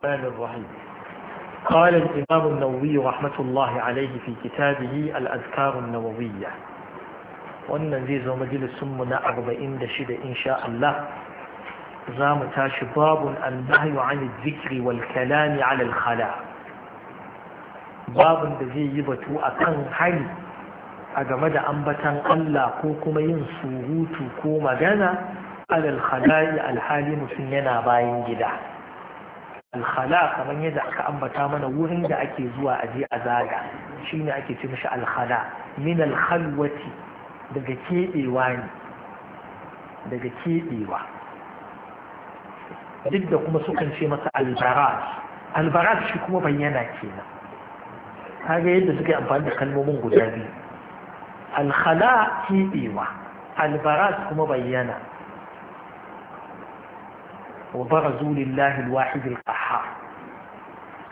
Kalar الرحيم قال Rahmatullahi النووي fi الله عليه في wannan zai zo majalisunmu na arba'in da shida insha Allah za mu tashi babun annahyu an zikri wal kalami ala khala babun da zai yi batu akan hari a game da ambatan Allah ko kuma yin surutu ko magana ala al khala alhali mutum yana bayan gida alkhala kamar yadda aka ambata mana wurin da ake zuwa a je a zaga shine ake ce mishi alkhala min alkhalwati daga kebewa ne daga kebewa duk da kuma sukan ce masa albaraz albaraz shi kuma bayyana kenan kaga yadda suka yi amfani da kalmomin guda biyu alkhala kebewa albaraz kuma bayyana وبرزوا لله الواحد القحار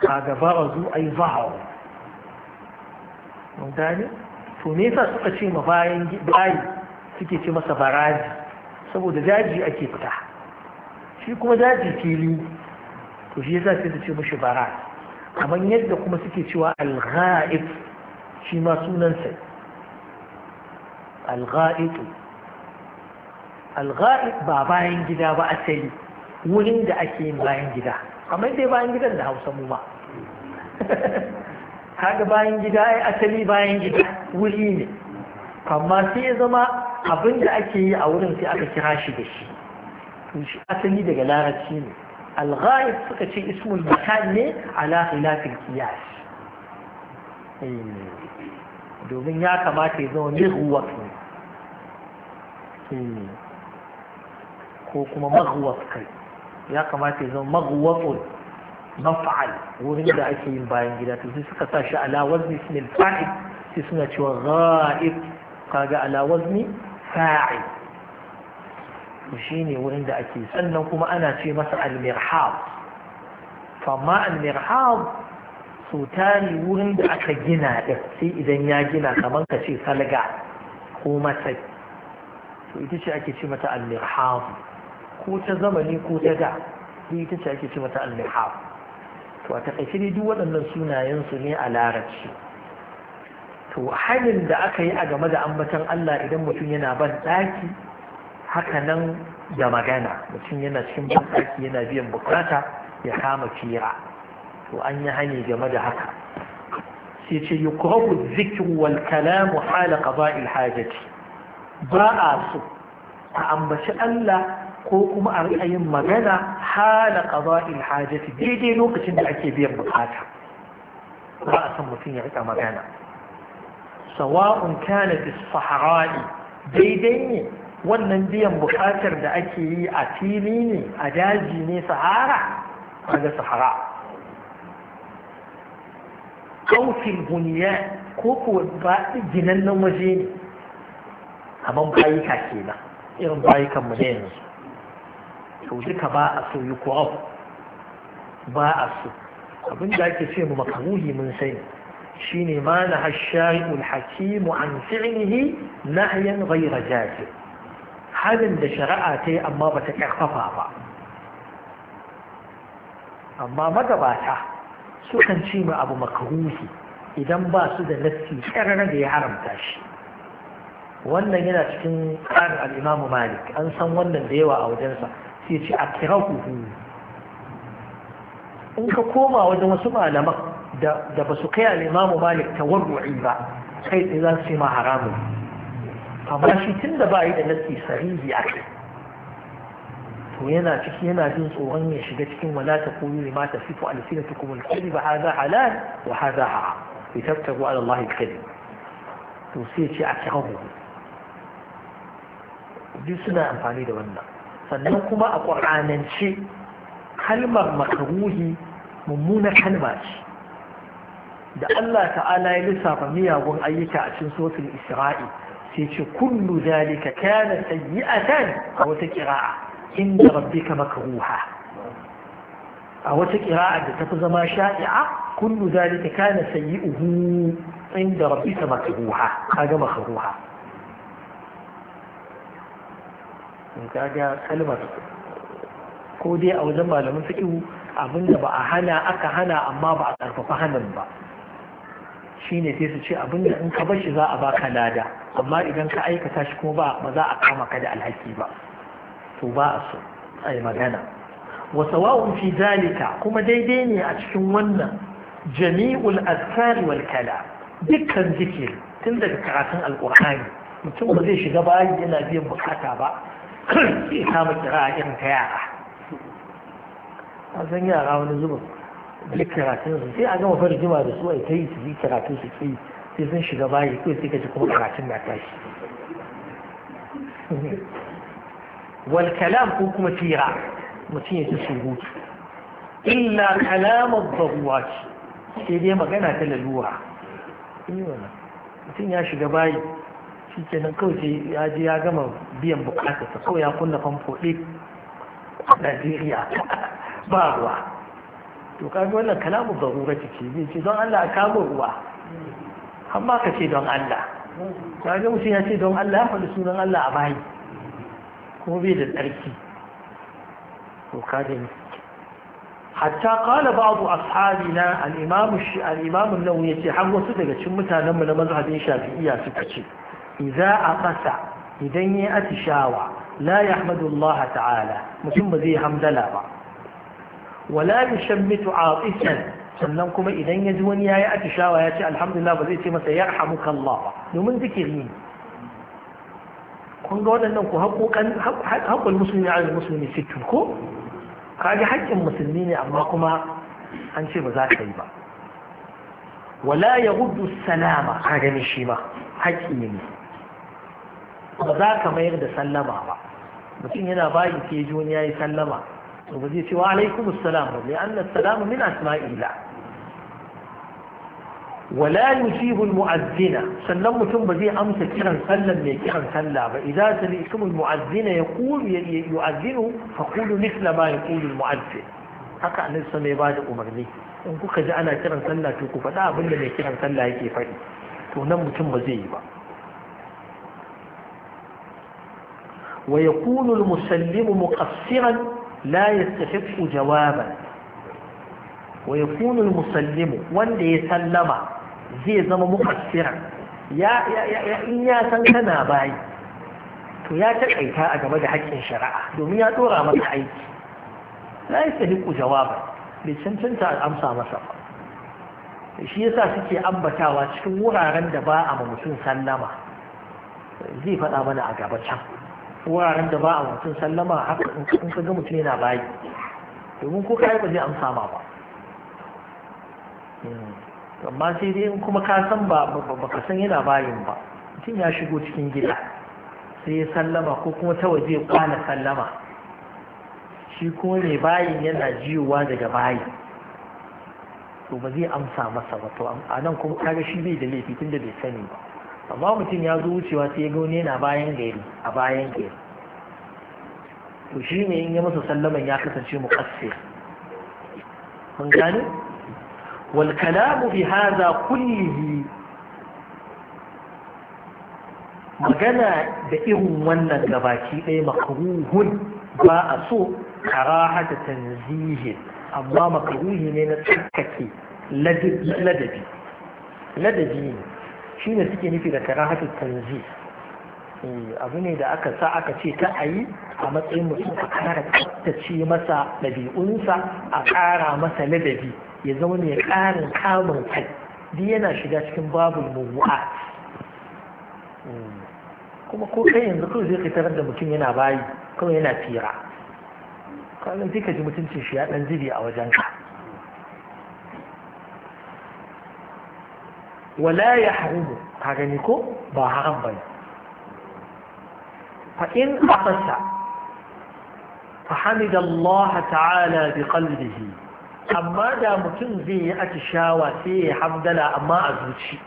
هذا برزوا أي ظهروا ممتاني فنيفا سوكا شيء مباين باي سوكي شيء مسا براج سبو دجاجي أكي بتاح شيء كما جاجي كيلي وشيسا سيدا شيء مش براج أما يجد كما سوكي شيء الغائب شيء ما سوننسى الغائب الغائب باباين جدا وأسلي wurin da ake yin bayan gida amma dai bayan gidan da hausa mu ba kaga bayan gida ai asali bayan gida wuri ne amma sai ya zama abin da ake yi a wurin sai aka kira shi da shi to shi asali daga larabci ne alghaib suka ce ismul makan ne ala khilafil qiyas eh, domin ya kamata ya zama mighwat ne eh, ko kuma maghwat kai ya kamata ya zama magwaqul maf'al wurin da ake yin bayan gida to sai suka sa shi ala wazni ismil fa'il sai suna cewa ghaib kaga ala wazni fa'il to shine wurin da ake sannan kuma ana ce masa al-mirhab famma al-mirhab so wurin da aka gina din sai idan ya gina kamar ka ce salga ko matsayi to ita ce ake ce mata al-mirhab ko ta zamani ko ta da ita ce ake ce mata al to a takaice ne duk waɗannan sunayen su ne a larabci to hanyar da aka yi a game da ambatan Allah idan mutum yana ban ɗaki haka nan da magana mutum yana cikin ban ɗaki yana biyan bukata ya kama fira to an yi hani game da haka sai ce yukrahu dhikru wal kalamu hala qada'il hajati ba a so a ambaci Allah ko kuma a ra'ayin magana hala qada'il hajati daidai lokacin da ake biyan bukata ba a san mutum ya rika magana sawa'un kana fi sahara'i daidai ne wannan biyan bukatar da ake yi a fili ne a daji ne sahara kaga sahara kautin buniya ko kuwa ba nan waje ne a ban bayika kenan irin bayukan mu ne yanzu to duka ba a so yi kurau ba a so abin da ake ce mu makaruhi mun sani shine ma na hashari'ul hakimu an fi'lihi nahyan ghayra jazir halin da shari'a ta yi amma ba ta karfafa ba amma magabata sukan ce mu abu makaruhi idan ba su da nassi ƙarar da ya haramta shi wannan yana cikin tsarin al'imamu malik an san wannan da yawa a wajensa sai ce a kira in ka koma wajen wasu malaman da ba su kai al'imamu malik ta warwa'i ba kai tsaye za su yi ma haramun amma shi tun da ba yi da nasi sarihi a kai to yana ciki yana jin tsoron ya shiga cikin wala ta koyo ne mata fito alsinatukum alkalib hadha halal wa haza ha'a. Ya litaftaru ala ya alkalib to sai ce a kira duk suna amfani da wannan sannan kuma a ƙwaranance kalmar makaruhi mummunar kalma ce da Allah ta'ala ya lissafa miyagun ayyuka a cikin sosin isra'i sai ce kullu zalika kana sayyi'atan a wata qira'a inda rabbika makruha a wata qira'a da tafi zama sha'i'a kullu zalika kana sayyi'uhu inda rabbika makruha kaga makruha kaga kalmar ko dai a wajen malamin fiqhu abinda ba a hana aka hana amma ba a karfafa hanan ba ne sai su ce abinda in ka bashi za a baka lada amma idan ka aikata shi kuma ba za a kama ka da alhaki ba to ba a so magana wa sawa'un fi zalika kuma daidai ne a cikin wannan jami'ul azkar wal kala dukkan zikiri tun daga karatun alkur'ani mutum ba zai shiga bayi yana biyan bukata ba sai kama kira a irin ta yara a san yara wani zuba duk karatun su sai a gama fara farjima da su ai ta yi su yi karatu su ke sai sun shiga bayi ko sai ka ji kuma karatun na tashi wal kalam ko kuma tira mutum ya ci surutu illa kalamar baruwa ce sai dai magana ta lalura mutum ya shiga bayi shi ke nan kawai ya je ya gama biyan ta kawai ya kunna famfo ɗin a najeriya ba ruwa to kaga wannan kalamun zarura ce ce zai ce don allah a kama ruwa amma ka ce don allah ya ga mutum ya ce don allah ya faɗi sunan allah a bayi kuma bai da tsarki to kaji ne hatta kala ba'adu ashabina al-imam al-imam an-nawawi har wasu daga cikin mutanenmu na mazhabin shafi'iyya suka ce a aqasa idan ya atishawa la yahmadullah ta'ala mutum ba zai hamdala ba wala yushammitu isan sannan kuma idan ya ji wani yayi atishawa ya ce alhamdulillah ba zai ce masa yarhamuka Allah domin zikiri ne kun ga waɗannan ku haƙoƙan musulmi a musulmi sittin ko haƙƙin musulmi ne amma kuma an ce ba za ka yi ba wala ya gudu salama ka gani shi ma haƙƙi ne ba za ka mayar da sallama ba mutum yana bayi ke ya yi sallama to ba zai ce wa alaikum assalam ba li'anna min asma'illah wala yusibu almu'azzina sannan mutum ba zai amsa kiran sallan mai kiran sallah ba idza sami'tum almu'azzina yaqulu yu'azzinu faqulu mithla ma yaqulu almu'azzin haka annabi sallallahu alaihi wasallam ya bada umarni in kuka ji ana kiran sallah to ku faɗa abin da mai kiran sallah yake faɗi to nan mutum ba zai yi ba ويكون المسلم مقصرا لا يستحق جوابا ويكون المسلم والذي يسلم زي زما مقصرا يا يا يا يا سنتنا باي to ya taƙaita a game da haƙƙin shari'a domin ya ɗora masa aiki la ya sahiku jawaba bai cancanta a amsa masa ba shi yasa suke ambatawa cikin wuraren da ba a mutum sallama zai faɗa mana a gaba can wuraren da ba a mutum sallama haka in ka ga mutum yana bayi domin ko kai ba zai amsa ma ba hmm. amma sai dai in kuma ka san ba ka san yana bayin ba mutum ya shigo cikin gida sai ya sallama ko kuma ta waje ya kwana sallama shi kuma mai bayin yana jiyowa daga bayi to ba zai amsa masa ba to a nan kuma kaga shi bai da laifi tunda bai sani ba amma mutum ya zo wucewa sai ya gauni yana bayan gari a bayan gari to shi ne in ya masa sallaman ya kasance mu kasse mun gani? wal kalamu bi hadha kullihi magana da irin wannan gabaki ɗaya makruhun ba a so karaha ta tanzihin amma makruhi ne na tsakake ladabi ladabi ne shi ne suke nufi da karahatul tanzi eh, abu ne da aka sa aka ce ta a yi a matsayin mutum a kara ce masa ɗabi'unsa a ƙara masa ladabi ya zama ne ƙarin kamun kai duk yana shiga cikin babu mawu'a eh, kuma ko kai yanzu kawai zai fitar da mutum yana bayi kawai yana tira kawai zai ka ji mutuncin shi ya ɗan zibi a wajen ka wala ya haramu ka gani ba haram ba ne fa in afasa fa hamidallaha ta'ala bi ƙalbihi. amma da mutum zai yi atishawa sai ya hamdala amma a zuci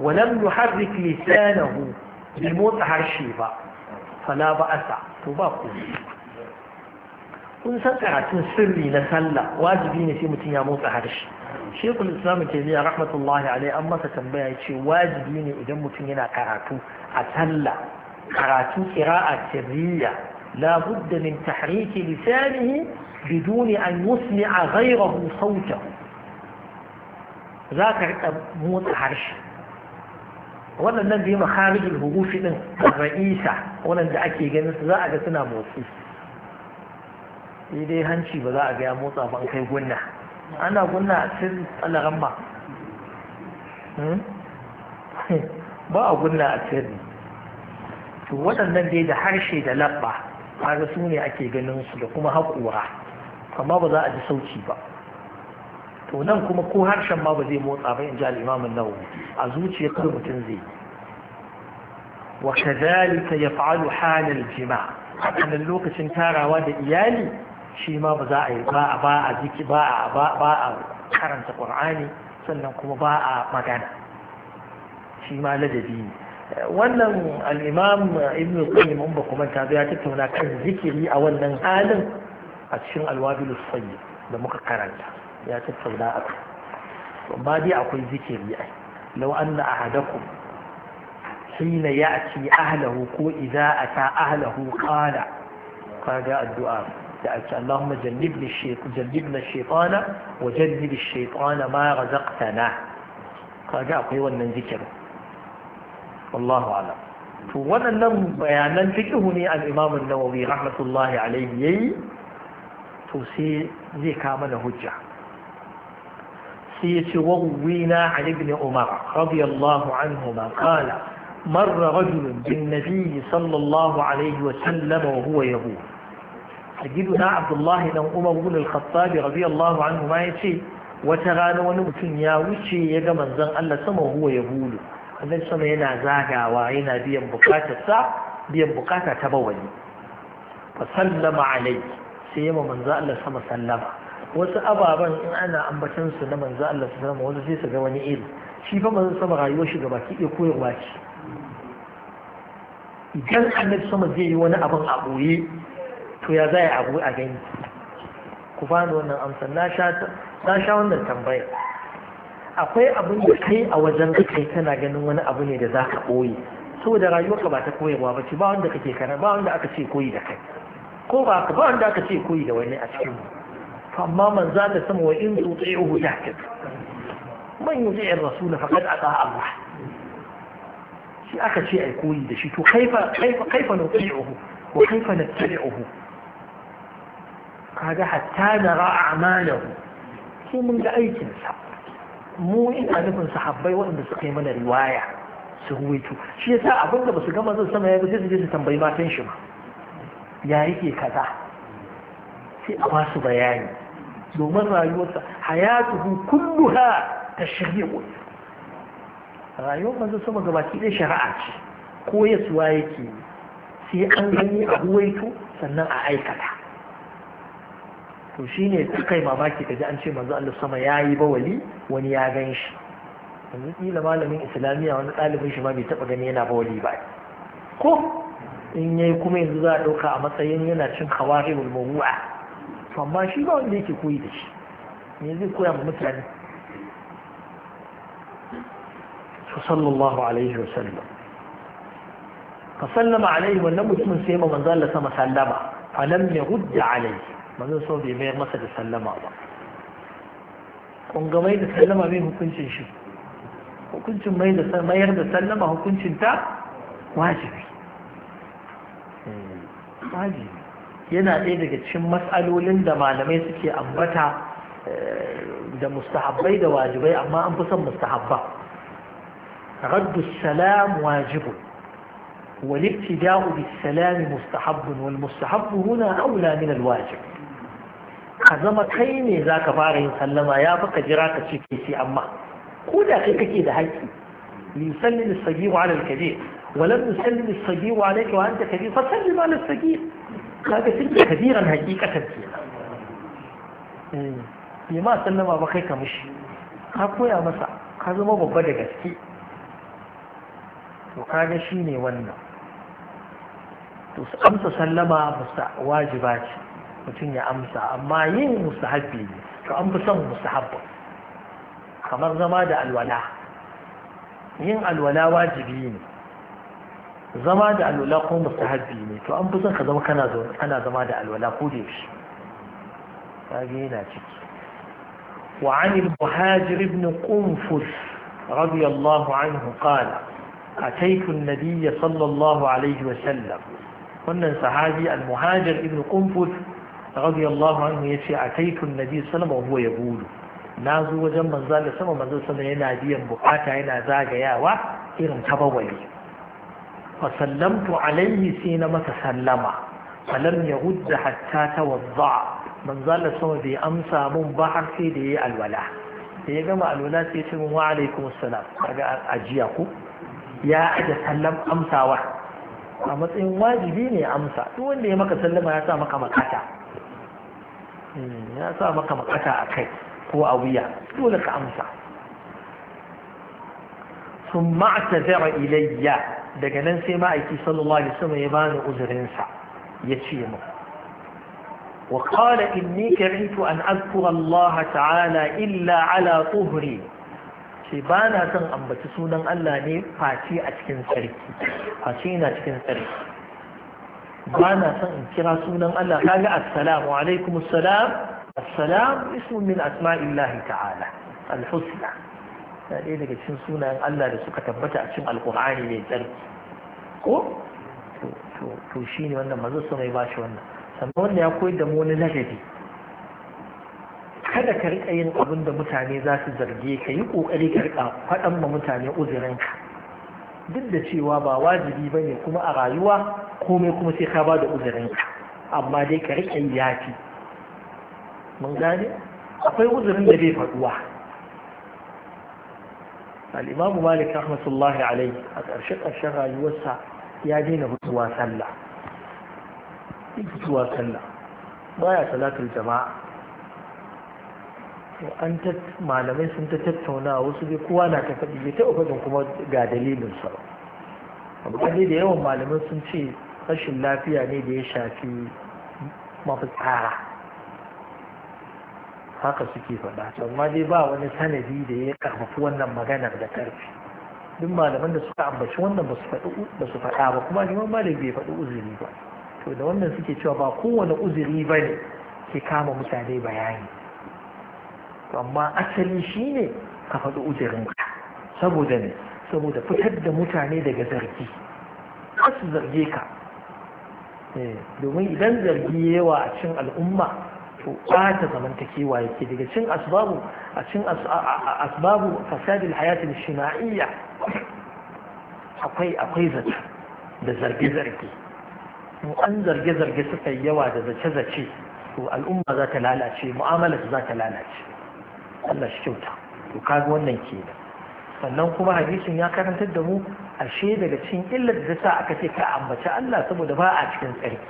ولم يحرك لسانه بموت عرشي فلا بأس توبا قولي kun san karatun sirri na sallah wajibi ne sai mutum ya motsa harshe shekul islamu taimiyya rahmatullahi alai an masa tambaya ya ce wajibi ne idan mutum yana karatu a sallah karatu kira'a sirriya la budda min tahriki lisanihi biduni an yusmi'a ghayrahu sautahu za ka riƙa motsa harshe waɗannan biyu makarijin hurufi ɗin ra'isa waɗanda ake ganin su za a ga suna motsi sai dai hanci ba za a gaya motsa ban kai gunna ana gunna a cikin alaran ba ba a gunna a cikin to waɗannan dai da harshe da labba kaga su ne ake ganin su da kuma haƙura amma ba za a ji sauci ba to nan kuma ko harshen ma ba zai motsa ba in ji al'imamin nawawi a zuciyar kar mutum zai wa kadhalika yaf'alu halal jima' a lokacin tarawa da iyali shi ma ba za a yi ba a ba a ziki ba a ba a karanta ƙur'ani sannan kuma ba a magana shi ma ladabi ne wannan al-imam ibn qayyim umma kuma ta ya tattauna kan zikiri a wannan halin a cikin alwabil sayyid da muka karanta ya tattauna a kan ba dai akwai zikiri ai law anna ahadakum حين يأتي ahlahu كو إذا أتى أهله قال قال الدعاء دعت اللهم جنبني الشيط جنبنا الشيطان وجنب الشيطان ما رزقتنا قال قيوا من ذكره والله أعلم وننم بيانا فكهني الإمام النووي رحمة الله عليه يي تسي ذي كامل هجة سيتوينا عن ابن عمر رضي الله عنهما قال مر رجل بالنبي صلى الله عليه وسلم وهو يهود سيدنا عبد الله بن عمر بن الخطاب رضي الله عنه ما ya ce wata rana wani mutum ya wuce ya ga manzan Allah sama yana zagawa yana biyan bukatarsa biyan bukata ta bawani fa sallama alai sai yamma manzan Allah sama sallama wasu ababan in ana ambatan su na manzan Allah sallama wasu sai su ga wani iri shi fa manzan sama rayuwar shi gabaki ɗaya koyarwa ce idan annabi sama zai yi wani abin a boye to ya zai abu a gani ku bani wannan amsa na sha wannan tambaya akwai abin da kai a wajen kai kana ganin wani abu ne da za ka ɓoye saboda rayuwarka ba ta koyarwa ba ce ba wanda kake kana ba wanda aka ce koyi da kai ko ba ka ba wanda aka ce koyi da wani a cikin mu amma man za ta sama wa in tsutsi'uhu tahtik man na rasul a tsaha Allah shi aka ce ai koyi da shi to kaifa na tsaye uku wa kaifa nattabi'uhu kaga hatta na ra'a amalahu sai mun ga aikinsa mu ina nufin sahabbai waɗanda suka yi mana riwaya su ruwaito shi yasa abin da su gama zan sama ya sai su je su tambayi matan shi ma ya yake kaza sai a basu bayani domin rayuwarsa hayatuhu kulluha tashri'u rayuwar manzo sama gabaki dai shari'a ce ko yasuwa yake sai an gani a ruwaito sannan a aikata to shi ne kai mamaki kaji an ce manzo Allah sama yi bawali wani ya gan shi yanzu kila malamin islamiyya wani ɗalibin shi ma bai taɓa gani yana bawali ba ko in ya yi kuma yanzu za a ɗauka a matsayin yana cin hawaribul mawu'a to amma shi ba wanda yake koyi da shi me zai koya ma mutane صلى الله عليه وسلم فسلم عليه والنبي ثم سيما من ظل ثم سلم فلم يرد عليه manzo so bai mayar masa da sallama ba kun ga mai da sallama mai hukuncin shi hukuncin mai da mayar da sallama hukuncin ta wajibi wajibi yana ɗaya daga cikin matsalolin da malamai suke ambata da mustahabbai da wajibai amma an fi son mustahabba raddu salam wajibu والابتداء بالسلام مستحب والمستحب هنا أولى من الواجب ka zama kai ne za ka fara yin sallama ya fi ka jira ka ce ke amma ko da kai kake da haƙƙi yusalli wa ala alkabir walam yusalli da alayka wa anta kabir fa salli ma lisagir kaga sun ke kabiran hakikatan kenan eh, bai ma sallama ba kai ka mishi ka koya masa ka zama babba da gaske to kaga shine wannan to amsa sallama ba wajiba ce mutum ya amsa amma yin mustahabbi ne to an fi son mustahabbi kamar zama da alwala yin alwala wajibi ne zama da alwala ko mustahabbi ne to an fi son ka zama kana zaune kana zama da alwala ko da yaushe kage yana ciki wa an al-muhajir ibn qunfus radiyallahu anhu qala أتيت النبي صلى الله عليه وسلم قلنا صحابي المهاجر ابن قنفذ رضي الله عنه يشي أتيت النبي صلى الله عليه وسلم وهو يقول نازو وجن من ذال سما من ذال سما ينا ديا بقاتا ينا زاجا ياوا إرم تبولي فسلمت عليه سينا متسلما فلم يغد حتى توضع من ذال سما بي أمسى من بحر في دي الولا يا جماعة الولا سيتم وعليكم السلام أجيكم يا أجا سلم أمسى واحد a matsayin wajibi ne amsa duk wanda ya maka sallama ya sa maka makata hmm, ya sa maka makata a kai ko a wuya dole ka amsa sun ma'ata zara ilayya daga nan sai ma'aiki sallallahu alaihi wasallam ya bani uzurinsa ya ce mu وقال inni karitu an azkura allah ta'ala illa ala طهري ce ba na son ambaci sunan Allah ne face a cikin tsarki face ina cikin tsarki ba na son in kira sunan Allah kaga assalamu alaikum assalam assalam ismun min asma'illahi ta'ala alhusna na ɗaya daga cikin sunayen Allah da suka tabbata a cikin alkur'ani mai tsarki ko to shi ne wannan mazan su ba shi wannan sannan wanda ya koyar da mu wani ladabi kada ka riƙa yin abin da mutane za su zarge ka yi ƙoƙari ka riƙa faɗan ma mutane uzurinka duk da cewa ba wajibi ba ne kuma a rayuwa komai kuma sai ka ba da uzurinka amma dai ka riƙa yi yafi mun gane akwai uzurin da bai faɗuwa imamu malik rahmatullahi alai a ƙarshe ƙarshen rayuwarsa ya daina fitowa sallah fitowa sallah baya salatul jama'a an malamai sun ta tattauna wasu dai kowa na ta faɗi bai taɓa faɗin kuma ga dalilin sa amma dai da yawan malamai sun ce rashin lafiya ne da ya shafi mafitsara haka suke faɗa amma dai ba wani sanadi da ya karfafi wannan maganar da karfi duk malaman da suka ambaci wannan ba su faɗa ba kuma neman malam bai faɗi uzuri ba to da wannan suke cewa ba kowane uzuri bane ke kama mutane bayani amma asali shi ne ka faɗi uzurinka saboda ne saboda fitar da mutane daga zargi su zarge ka eh, domin idan zargi yawa a cin al'umma to ɓata zamantakewa yake daga cin asbabu a cin asbabu fasadil hayatin shima'iyya akwai akwai zace da zarge-zarge in an zarge-zarge suka yawa da zace-zace to al'umma za ta lalace mu'amalar za ta lalace Allah shi kyauta to kaga wannan kenan sannan kuma hadisin ya karantar da mu ashe daga cikin illar da ta sa aka ce ka ambaci Allah saboda ba a cikin tsarki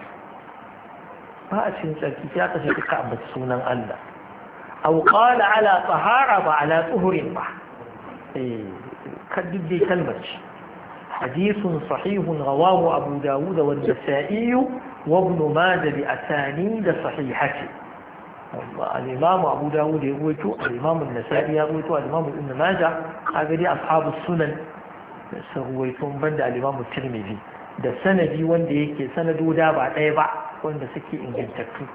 ba a cikin tsarki sai aka ce ka ambaci sunan Allah aw qala ala tahara ba ala tuhurin ba eh, Hadisun eh kaddid dai kalmar حديث صحيح رواه أبو داود والنسائي وابن ماجه بأسانيد صحيحته الإمام أبو داود يقويته الإمام النسائي يقويته الإمام ابن ماجه أغدي أصحاب السنن سرويتهم بند الإمام الترمذي da sanadi wanda yake sanadoda ba ɗaya ba wanda suke ingantattu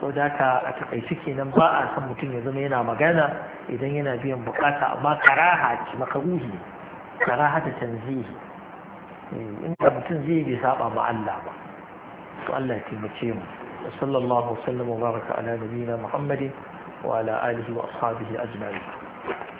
sau da ka a takaici kenan ba a san mutum ya zama yana magana idan yana biyan bukata amma karaha ce makaruhi karaha ta tanzihi eh, inda mutum zai bai saba ma Allah ba to Allah ya taimake mu وصلى الله وسلم وبارك على نبينا محمد وعلى آله وأصحابه أجمعين